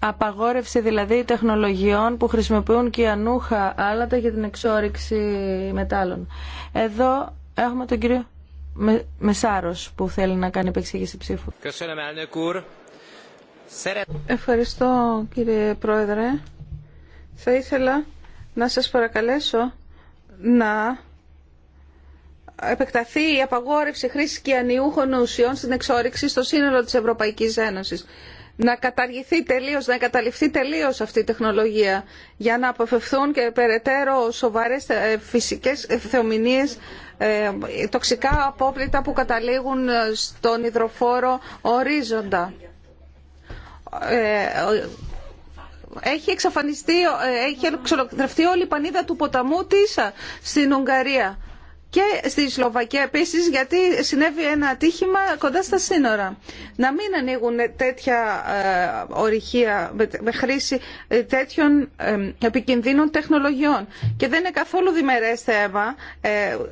Απαγόρευση δηλαδή τεχνολογιών που χρησιμοποιούν και ανούχα άλατα για την εξόριξη μετάλλων. Εδώ έχουμε τον κύριο Μεσάρος που θέλει να κάνει επεξήγηση ψήφου. Ευχαριστώ κύριε Πρόεδρε. Θα ήθελα να σας παρακαλέσω να επεκταθεί η απαγόρευση χρήσης και ανιούχων ουσιών στην εξόρυξη στο σύνολο της Ευρωπαϊκής Ένωσης να καταργηθεί τελείως, να καταληφθεί τελείως αυτή η τεχνολογία για να αποφευθούν και περαιτέρω σοβαρές ε, φυσικές ε, θεομηνίες ε, τοξικά απόπλητα που καταλήγουν στον υδροφόρο ορίζοντα. Έχει εξαφανιστεί, έχει εξολοκληρωθεί όλη η πανίδα του ποταμού Τίσα στην Ουγγαρία και στη Σλοβακία επίσης γιατί συνέβη ένα ατύχημα κοντά στα σύνορα. Να μην ανοίγουν τέτοια ε, ορυχεία με χρήση ε, τέτοιων ε, επικινδύνων τεχνολογιών. Και δεν είναι καθόλου διμερές θέμα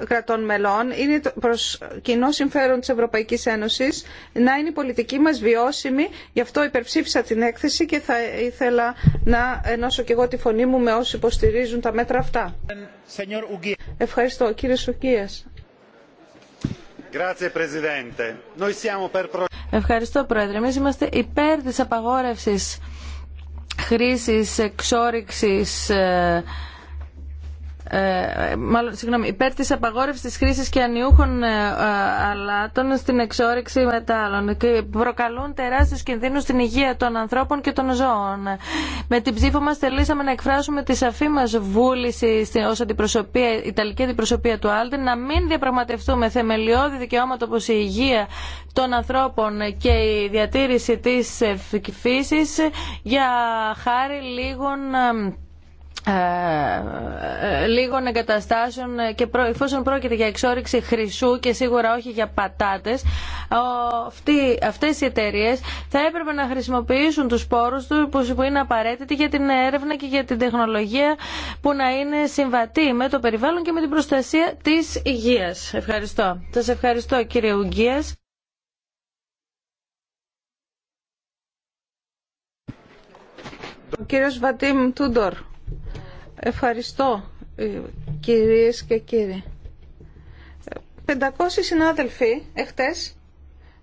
κρατών μελών. Είναι προς κοινό συμφέρον της Ευρωπαϊκής Ένωσης να είναι η πολιτική μας βιώσιμη. Γι' αυτό υπερψήφισα την έκθεση και θα ήθελα να ενώσω και εγώ τη φωνή μου με όσοι υποστηρίζουν τα μέτρα αυτά. Ευχαριστώ κύριε Ευχαριστώ, Πρόεδρε. Εμείς είμαστε υπέρ της απαγόρευσης χρήσης εξόριξης ε, ε, μάλλον, υπέρ της απαγόρευσης της χρήσης και ανιούχων ε, ε, αλάτων στην εξόρυξη μετάλλων και προκαλούν τεράστιους κινδύνους στην υγεία των ανθρώπων και των ζώων. Με την ψήφο μας θελήσαμε να εκφράσουμε τη σαφή μας βούληση ω ως αντιπροσωπεία, Ιταλική αντιπροσωπεία του Άλτε να μην διαπραγματευτούμε θεμελιώδη δικαιώματα όπως η υγεία των ανθρώπων και η διατήρηση της φύσης για χάρη λίγων ε, ε, λίγων εγκαταστάσεων και εφόσον πρόκειται για εξόριξη χρυσού και σίγουρα όχι για πατάτες αυτοί, αυτές οι εταιρείε θα έπρεπε να χρησιμοποιήσουν τους πόρους του που είναι απαραίτητοι για την έρευνα και για την τεχνολογία που να είναι συμβατή με το περιβάλλον και με την προστασία της υγείας. Ευχαριστώ. Σας ευχαριστώ κύριε Ουγγίας. Ο κύριος Βατίμ Τούντορ. Ευχαριστώ ε, κυρίες και κύριοι. 500 συνάδελφοι εχθές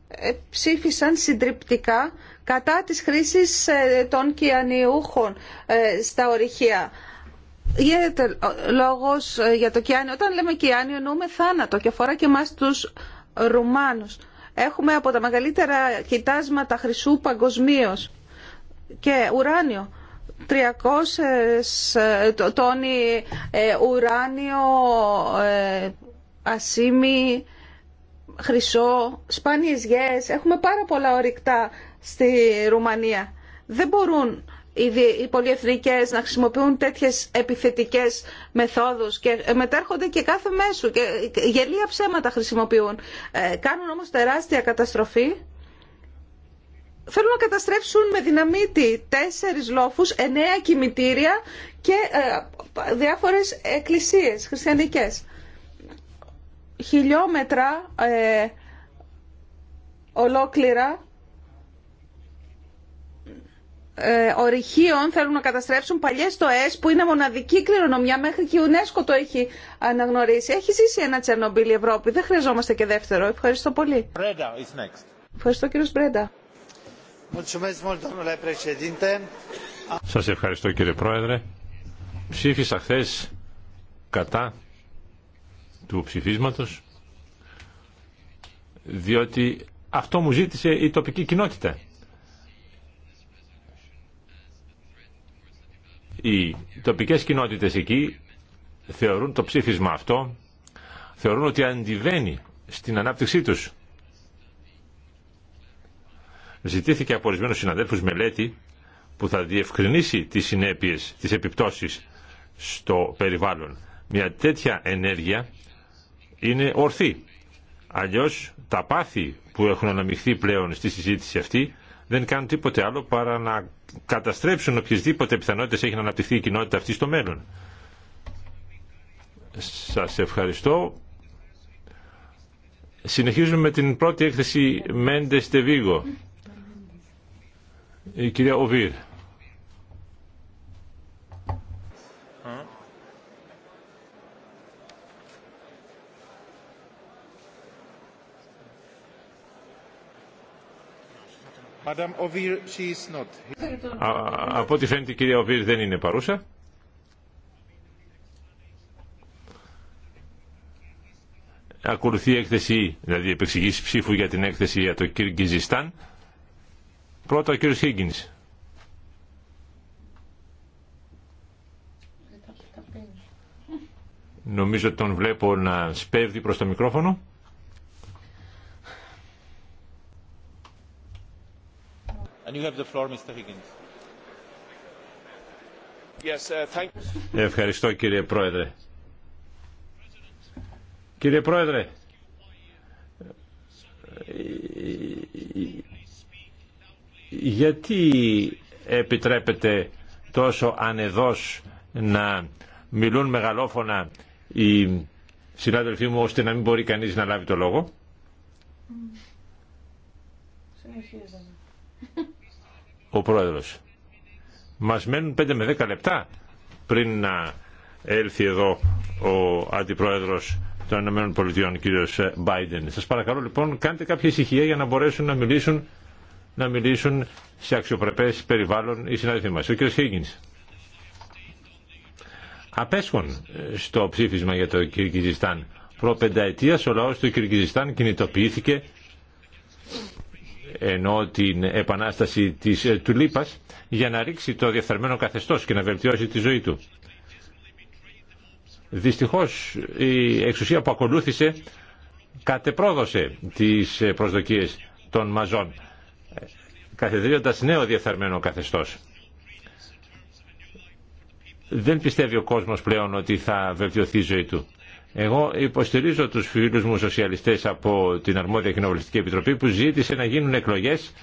ε, ψήφισαν συντριπτικά κατά της χρήσης ε, των κιανιούχων στα ορυχεία. Γίνεται λόγος για το κιάνιο. Όταν λέμε κιάνιο εννοούμε θάνατο και αφορά και εμάς τους Ρουμάνους. Έχουμε από τα μεγαλύτερα κοιτάσματα χρυσού παγκοσμίω και ουράνιο. 300 ε, τόνοι ε, ουράνιο, ε, ασίμι, χρυσό, σπάνιες γέες. Έχουμε πάρα πολλά ορυκτά στη Ρουμανία. Δεν μπορούν οι πολυεθνικές να χρησιμοποιούν τέτοιες επιθετικές μεθόδους και μετέρχονται και κάθε μέσου και γελία ψέματα χρησιμοποιούν. Κάνουν όμως τεράστια καταστροφή θέλουν να καταστρέψουν με δυναμίτη τέσσερις λόφους, εννέα κημητήρια και ε, διάφορες εκκλησίες χριστιανικές. Χιλιόμετρα ε, ολόκληρα ε, ορυχείων θέλουν να καταστρέψουν παλιές τοές που είναι μοναδική κληρονομιά μέχρι και η UNESCO το έχει αναγνωρίσει. Έχει ζήσει ένα Τσερνομπίλ Ευρώπη. Δεν χρειαζόμαστε και δεύτερο. Ευχαριστώ πολύ. Ευχαριστώ κύριος Μπρέντα. Σας ευχαριστώ κύριε Πρόεδρε. Ψήφισα χθε κατά του ψηφίσματος διότι αυτό μου ζήτησε η τοπική κοινότητα. Οι τοπικές κοινότητες εκεί θεωρούν το ψήφισμα αυτό, θεωρούν ότι αντιβαίνει στην ανάπτυξή τους. Ζητήθηκε από ορισμένου συναδέλφου μελέτη που θα διευκρινίσει τι συνέπειε, τι επιπτώσει στο περιβάλλον. Μια τέτοια ενέργεια είναι ορθή. Αλλιώ τα πάθη που έχουν αναμειχθεί πλέον στη συζήτηση αυτή δεν κάνουν τίποτε άλλο παρά να καταστρέψουν οποιασδήποτε πιθανότητε έχει να αναπτυχθεί η κοινότητα αυτή στο μέλλον. Σα ευχαριστώ. Συνεχίζουμε με την πρώτη έκθεση Μέντε Τεβίγο. Η κυρία Οβίρ. she not. από ό,τι φαίνεται η κυρία Οβίρ δεν είναι παρούσα. Ακολουθεί η έκθεση, δηλαδή επεξηγήση ψήφου για την έκθεση για το Κυργιζιστάν. Πρώτα ο κύριος Higgins. Νομίζω τον βλέπω να σπέβδει προς το μικρόφωνο. And you have the floor, Mr. Higgins. Yes, uh, thank you. Ευχαριστώ κύριε Πρόεδρε. Κύριε Πρόεδρε, γιατί επιτρέπεται τόσο ανεδός να μιλούν μεγαλόφωνα οι συνάδελφοί μου ώστε να μην μπορεί κανείς να λάβει το λόγο. Ο πρόεδρος. Μας μένουν 5 με 10 λεπτά πριν να έλθει εδώ ο αντιπρόεδρος των ΗΠΑ, κ. Biden. Σας παρακαλώ λοιπόν κάντε κάποια ησυχία για να μπορέσουν να μιλήσουν να μιλήσουν σε αξιοπρεπέ περιβάλλον οι συνάδελφοί μα. Ο κ. Higgins. Απέσχον ε, στο ψήφισμα για το Κυρκυζιστάν. Προπενταετίας ο λαός του Κυρκυζιστάν κινητοποιήθηκε ενώ την επανάσταση της ε, Τουλίπας για να ρίξει το διεφθαρμένο καθεστώς και να βελτιώσει τη ζωή του. Δυστυχώς η εξουσία που ακολούθησε κατεπρόδωσε τις ε, προσδοκίες των μαζών καθιδρύοντας νέο διεφθαρμένο καθεστώς. Δεν πιστεύει ο κόσμος πλέον ότι θα βελτιωθεί η ζωή του. Εγώ υποστηρίζω τους φίλους μου σοσιαλιστές από την Αρμόδια Κοινοβουλευτική Επιτροπή που ζήτησε να γίνουν εκλογές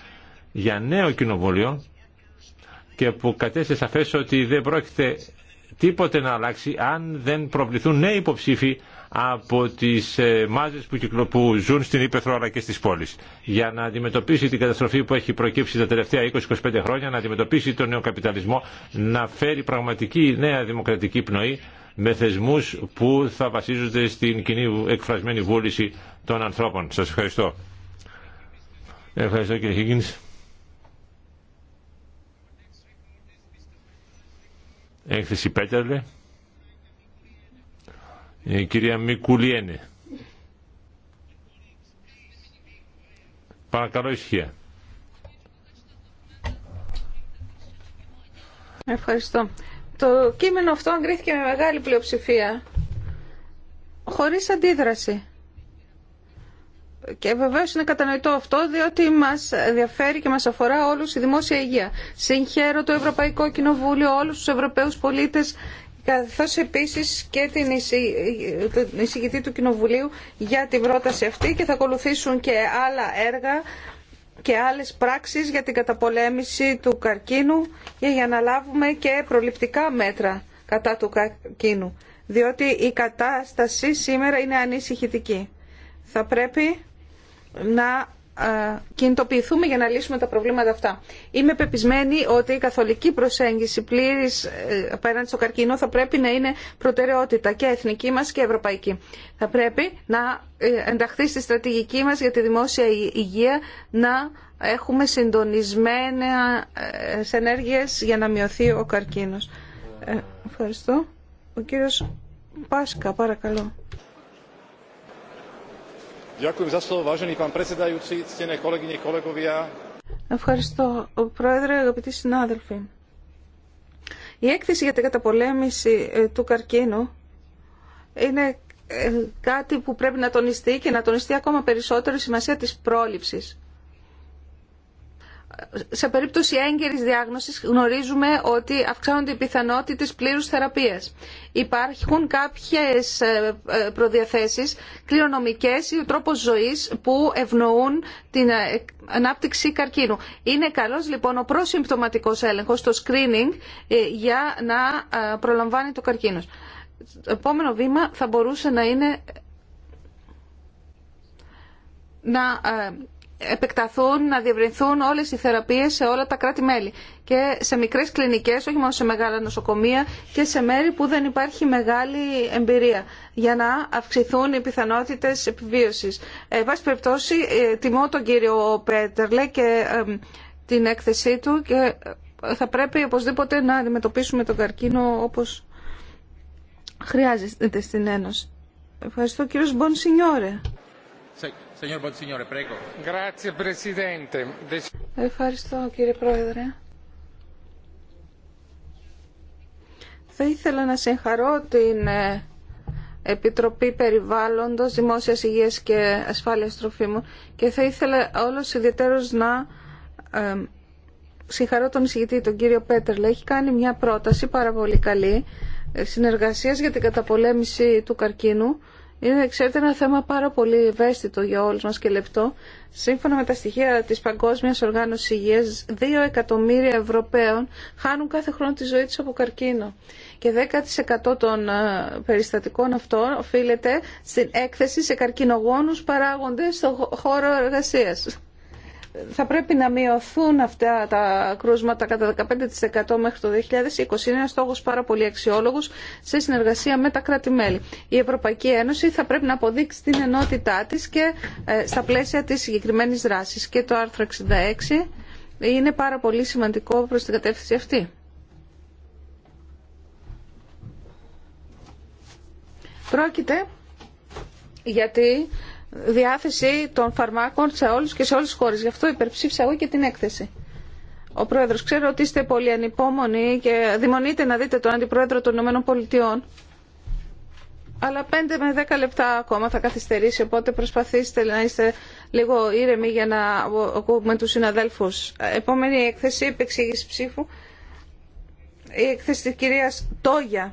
για νέο κοινοβούλιο και που κατέστησε σαφές ότι δεν πρόκειται τίποτε να αλλάξει αν δεν προβληθούν νέοι υποψήφοι από τις ε, μάζες που, που ζουν στην Ήπεθρο αλλά και στις πόλεις. Για να αντιμετωπίσει την καταστροφή που έχει προκύψει τα τελευταία 20-25 χρόνια, να αντιμετωπίσει τον νέο καπιταλισμό, να φέρει πραγματική νέα δημοκρατική πνοή με θεσμούς που θα βασίζονται στην κοινή εκφρασμένη βούληση των ανθρώπων. Σας ευχαριστώ. έκθεση Πέτερλε, η ε, κυρία Μικουλιένε. Παρακαλώ ησυχία. Ευχαριστώ. Το κείμενο αυτό αγκρίθηκε με μεγάλη πλειοψηφία, χωρίς αντίδραση. Και βεβαίω είναι κατανοητό αυτό, διότι μα ενδιαφέρει και μα αφορά όλου η δημόσια υγεία. Συγχαίρω το Ευρωπαϊκό Κοινοβούλιο, όλου του Ευρωπαίου πολίτε, καθώ επίση και την εισηγητή του Κοινοβουλίου για την πρόταση αυτή και θα ακολουθήσουν και άλλα έργα και άλλες πράξεις για την καταπολέμηση του καρκίνου και για να λάβουμε και προληπτικά μέτρα κατά του καρκίνου, διότι η κατάσταση σήμερα είναι ανησυχητική. Θα πρέπει να ε, κινητοποιηθούμε για να λύσουμε τα προβλήματα αυτά. Είμαι πεπισμένη ότι η καθολική προσέγγιση πλήρης ε, απέναντι στο καρκίνο θα πρέπει να είναι προτεραιότητα και εθνική μας και ευρωπαϊκή. Θα πρέπει να ε, ενταχθεί στη στρατηγική μας για τη δημόσια υγεία να έχουμε συντονισμένες ενέργειες για να μειωθεί ο καρκίνος. ευχαριστώ. Ο κύριος Πάσκα, παρακαλώ. Ευχαριστώ, Πρόεδρε, αγαπητοί συνάδελφοι. Η έκθεση για την καταπολέμηση ε, του καρκίνου είναι ε, κάτι που πρέπει να τονιστεί και να τονιστεί ακόμα περισσότερο η σημασία της πρόληψης σε περίπτωση έγκαιρης διάγνωσης γνωρίζουμε ότι αυξάνονται οι πιθανότητες πλήρους θεραπείας. Υπάρχουν κάποιες ε, ε, προδιαθέσεις κληρονομικές ή ο τρόπος ζωής που ευνοούν την ε, ανάπτυξη καρκίνου. Είναι καλός λοιπόν ο προσυμπτωματικός έλεγχος, το screening, για να προλαμβάνει το καρκίνο. Το επόμενο βήμα θα μπορούσε να είναι να επεκταθούν, να διευρυνθούν όλες οι θεραπείες σε όλα τα κράτη-μέλη και σε μικρές κλινικές, όχι μόνο σε μεγάλα νοσοκομεία και σε μέρη που δεν υπάρχει μεγάλη εμπειρία για να αυξηθούν οι πιθανότητες επιβίωσης. Εν πάση περιπτώσει, ε, τιμώ τον κύριο Πέτερλε και ε, την έκθεσή του και ε, θα πρέπει οπωσδήποτε να αντιμετωπίσουμε τον καρκίνο όπω χρειάζεται στην Ένωση. Ευχαριστώ κύριο Μπονσινιόρε. Ευχαριστώ κύριε Πρόεδρε. Θα ήθελα να συγχαρώ την ε, Επιτροπή Περιβάλλοντος, Δημόσιας Υγείας και Ασφάλειας Τροφίμων και θα ήθελα όλος ιδιαίτερος να ε, συγχαρώ τον εισηγητή, τον κύριο Πέτερλε. Έχει κάνει μια πρόταση πάρα πολύ καλή ε, συνεργασίας για την καταπολέμηση του καρκίνου είναι, ξέρετε, ένα θέμα πάρα πολύ ευαίσθητο για όλους μας και λεπτό. Σύμφωνα με τα στοιχεία της Παγκόσμιας Οργάνωσης Υγείας, 2 εκατομμύρια Ευρωπαίων χάνουν κάθε χρόνο τη ζωή τους από καρκίνο. Και 10% των ε, περιστατικών αυτών οφείλεται στην έκθεση σε καρκινογόνους παράγοντες στον χώρο εργασίας θα πρέπει να μειωθούν αυτά τα κρούσματα κατά 15% μέχρι το 2020. Είναι ένα στόχος πάρα πολύ αξιόλογο σε συνεργασία με τα κράτη-μέλη. Η Ευρωπαϊκή Ένωση θα πρέπει να αποδείξει την ενότητά της και ε, στα πλαίσια της συγκεκριμένη δράση Και το άρθρο 66 είναι πάρα πολύ σημαντικό προ την κατεύθυνση αυτή. Πρόκειται γιατί διάθεση των φαρμάκων σε όλους και σε όλες τις χώρες. Γι' αυτό υπερψήφισα εγώ και την έκθεση. Ο Πρόεδρος, ξέρω ότι είστε πολύ ανυπόμονοι και δημονείτε να δείτε τον Αντιπρόεδρο των Ηνωμένων Πολιτειών. Αλλά 5 με 10 λεπτά ακόμα θα καθυστερήσει, οπότε προσπαθήστε να είστε λίγο ήρεμοι για να ακούμε τους συναδέλφους. Επόμενη έκθεση, επεξήγηση ψήφου, η έκθεση της κυρίας Τόγια,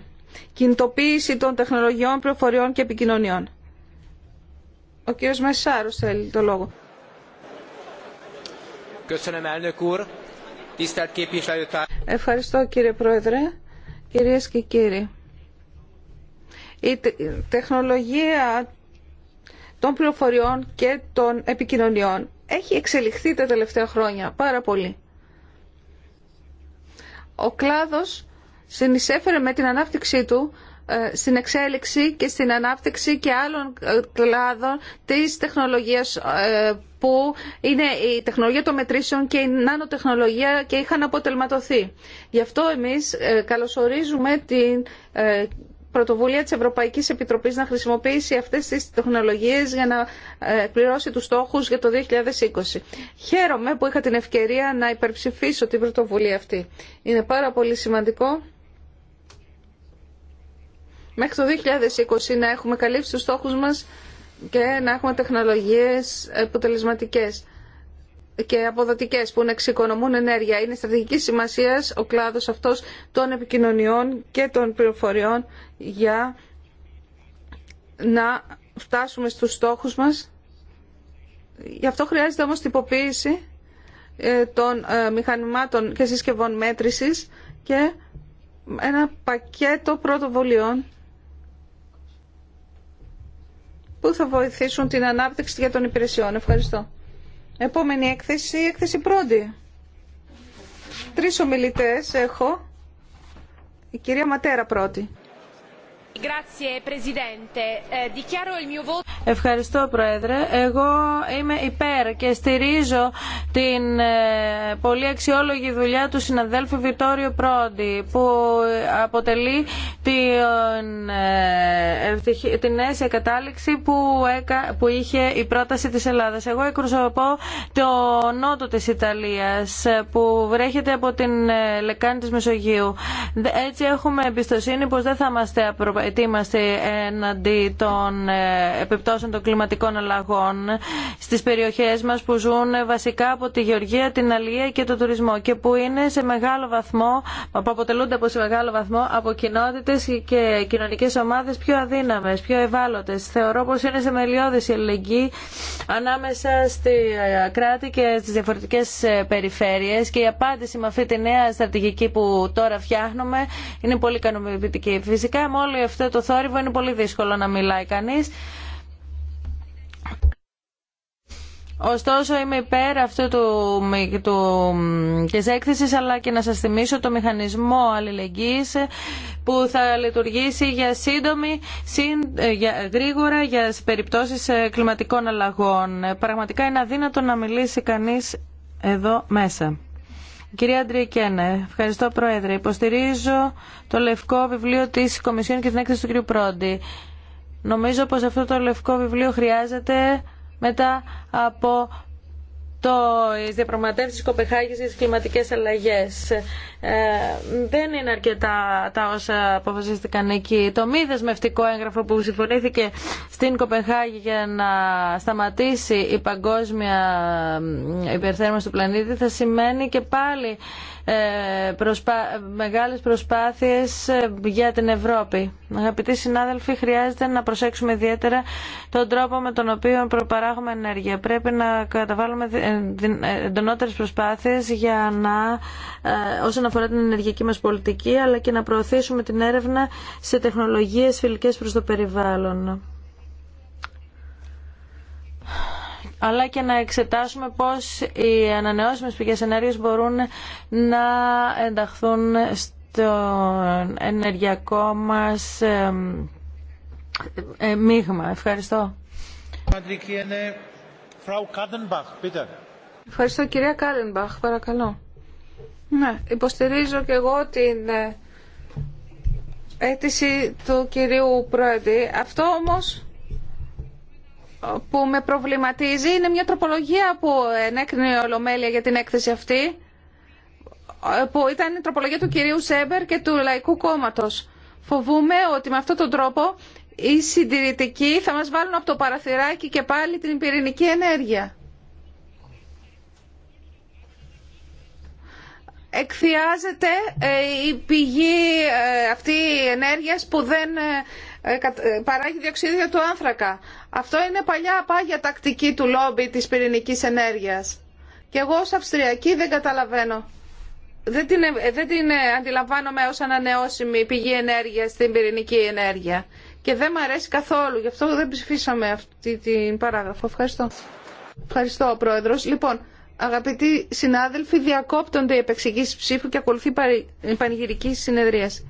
κινητοποίηση των τεχνολογιών, προφοριών και επικοινωνιών. Ο κύριο Μεσάρο θέλει το λόγο. Ευχαριστώ κύριε Πρόεδρε, κυρίες και κύριοι. Η τεχνολογία των πληροφοριών και των επικοινωνιών έχει εξελιχθεί τα τελευταία χρόνια πάρα πολύ. Ο κλάδος συνεισέφερε με την ανάπτυξή του ε, στην εξέλιξη και στην ανάπτυξη και άλλων ε, κλάδων της τεχνολογίας ε, που είναι η τεχνολογία των μετρήσεων και η νανοτεχνολογία και είχαν αποτελματωθεί. Γι' αυτό εμείς καλωσορίζουμε την πρωτοβουλία της Ευρωπαϊκής Επιτροπής να χρησιμοποιήσει αυτές τις τεχνολογίες για να πληρώσει τους στόχους για το 2020. Χαίρομαι που είχα την ευκαιρία να υπερψηφίσω την πρωτοβουλία αυτή. Είναι πάρα πολύ σημαντικό μέχρι το 2020 να έχουμε καλύψει τους στόχους μας και να έχουμε τεχνολογίες αποτελεσματικές και αποδοτικές που να εξοικονομούν ενέργεια. Είναι στρατηγική σημασία ο κλάδος αυτός των επικοινωνιών και των πληροφοριών για να φτάσουμε στους στόχους μας. Γι' αυτό χρειάζεται όμως τυποποίηση ε, των ε, μηχανημάτων και συσκευών μέτρησης και ένα πακέτο πρωτοβολιών που θα βοηθήσουν την ανάπτυξη για των υπηρεσιών. Ευχαριστώ. Επόμενη έκθεση, έκθεση πρώτη. Τρεις ομιλητές έχω. Η κυρία Ματέρα πρώτη. Eh, Ευχαριστώ Πρόεδρε. Εγώ είμαι υπέρ και στηρίζω την ε, πολύ αξιόλογη δουλειά του συναδέλφου Βιτόριο Πρόντι που αποτελεί την, ε, την αίσια κατάληξη που, είχε η πρόταση της Ελλάδας. Εγώ εκπροσωπώ το νότο της Ιταλίας που βρέχεται από την ε, λεκάνη της Μεσογείου. Έτσι έχουμε εμπιστοσύνη πως δεν θα είμαστε απροπαϊκοί ετοίμαστε έναντι των ε, επιπτώσεων των κλιματικών αλλαγών στις περιοχές μας που ζουν ε, βασικά από τη γεωργία, την αλληλεία και τον τουρισμό και που είναι σε μεγάλο βαθμό, που αποτελούνται από σε μεγάλο βαθμό από κοινότητε και κοινωνικές ομάδες πιο αδύναμες, πιο ευάλωτες. Θεωρώ πως είναι σε μελιώδες η αλληλεγγύη ανάμεσα στη ε, κράτη και στις διαφορετικές περιφέρειες και η απάντηση με αυτή τη νέα στρατηγική που τώρα φτιάχνουμε είναι πολύ ικανοποιητική. Φυσικά με όλη αυτό το θόρυβο είναι πολύ δύσκολο να μιλάει κανείς. Ωστόσο είμαι υπέρ αυτού του, του, της έκθεσης αλλά και να σας θυμίσω το μηχανισμό αλληλεγγύης που θα λειτουργήσει για σύντομη, για, γρήγορα για περιπτώσεις ε, κλιματικών αλλαγών. Πραγματικά είναι αδύνατο να μιλήσει κανείς εδώ μέσα. Κυρία Αντρικένε, ευχαριστώ Πρόεδρε. Υποστηρίζω το λευκό βιβλίο της Κομισιόν και την έκθεση του κ. Πρόντι. Νομίζω πως αυτό το λευκό βιβλίο χρειάζεται μετά από το, οι διαπραγματεύσει Κοπεχάγη για τι κλιματικέ αλλαγέ. Ε, δεν είναι αρκετά τα όσα αποφασίστηκαν εκεί. Το μη δεσμευτικό έγγραφο που συμφωνήθηκε στην Κοπεχάγη για να σταματήσει η παγκόσμια ε, υπερθέρμανση του πλανήτη θα σημαίνει και πάλι ε, προσπά... μεγάλες προσπάθειες ε, για την Ευρώπη. Αγαπητοί συνάδελφοι, χρειάζεται να προσέξουμε ιδιαίτερα τον τρόπο με τον οποίο προπαράγουμε ενέργεια. Πρέπει να καταβάλουμε ε, εντονότερες προσπάθειες για να, ε, όσον αφορά την ενεργειακή μας πολιτική, αλλά και να προωθήσουμε την έρευνα σε τεχνολογίες φιλικές προς το περιβάλλον. αλλά και να εξετάσουμε πώς οι ανανεώσιμες πηγές ενέργειας μπορούν να ενταχθούν στο ενεργειακό μας ε, μείγμα. Ευχαριστώ. Frau Kadenbach, bitte. Ευχαριστώ κυρία Κάλενμπαχ, παρακαλώ. Ναι, υποστηρίζω και εγώ την ε, αίτηση του κυρίου Πρόεδρη. Αυτό όμως ε, που με προβληματίζει είναι μια τροπολογία που ενέκρινε η Ολομέλεια για την έκθεση αυτή ε, που ήταν η τροπολογία του κυρίου Σέμπερ και του Λαϊκού Κόμματος. Φοβούμαι ότι με αυτόν τον τρόπο οι συντηρητικοί θα μας βάλουν από το παραθυράκι και πάλι την πυρηνική ενέργεια. εκθιάζεται ε, η πηγή ε, αυτή η ενέργειας που δεν ε, παράγει διοξίδια του άνθρακα. Αυτό είναι παλιά πάγια τακτική του λόμπι της πυρηνικής ενέργειας. Και εγώ ως Αυστριακή δεν καταλαβαίνω. Δεν την, δεν την αντιλαμβάνομαι ως ανανεώσιμη πηγή ενέργειας στην πυρηνική ενέργεια. Και δεν μου αρέσει καθόλου. Γι' αυτό δεν ψηφίσαμε αυτή την παράγραφο. Ευχαριστώ. Ευχαριστώ, Πρόεδρος. Λοιπόν, Αγαπητοί συνάδελφοι, διακόπτονται οι επεξηγήσεις ψήφου και ακολουθεί η πανηγυρική συνεδρίαση.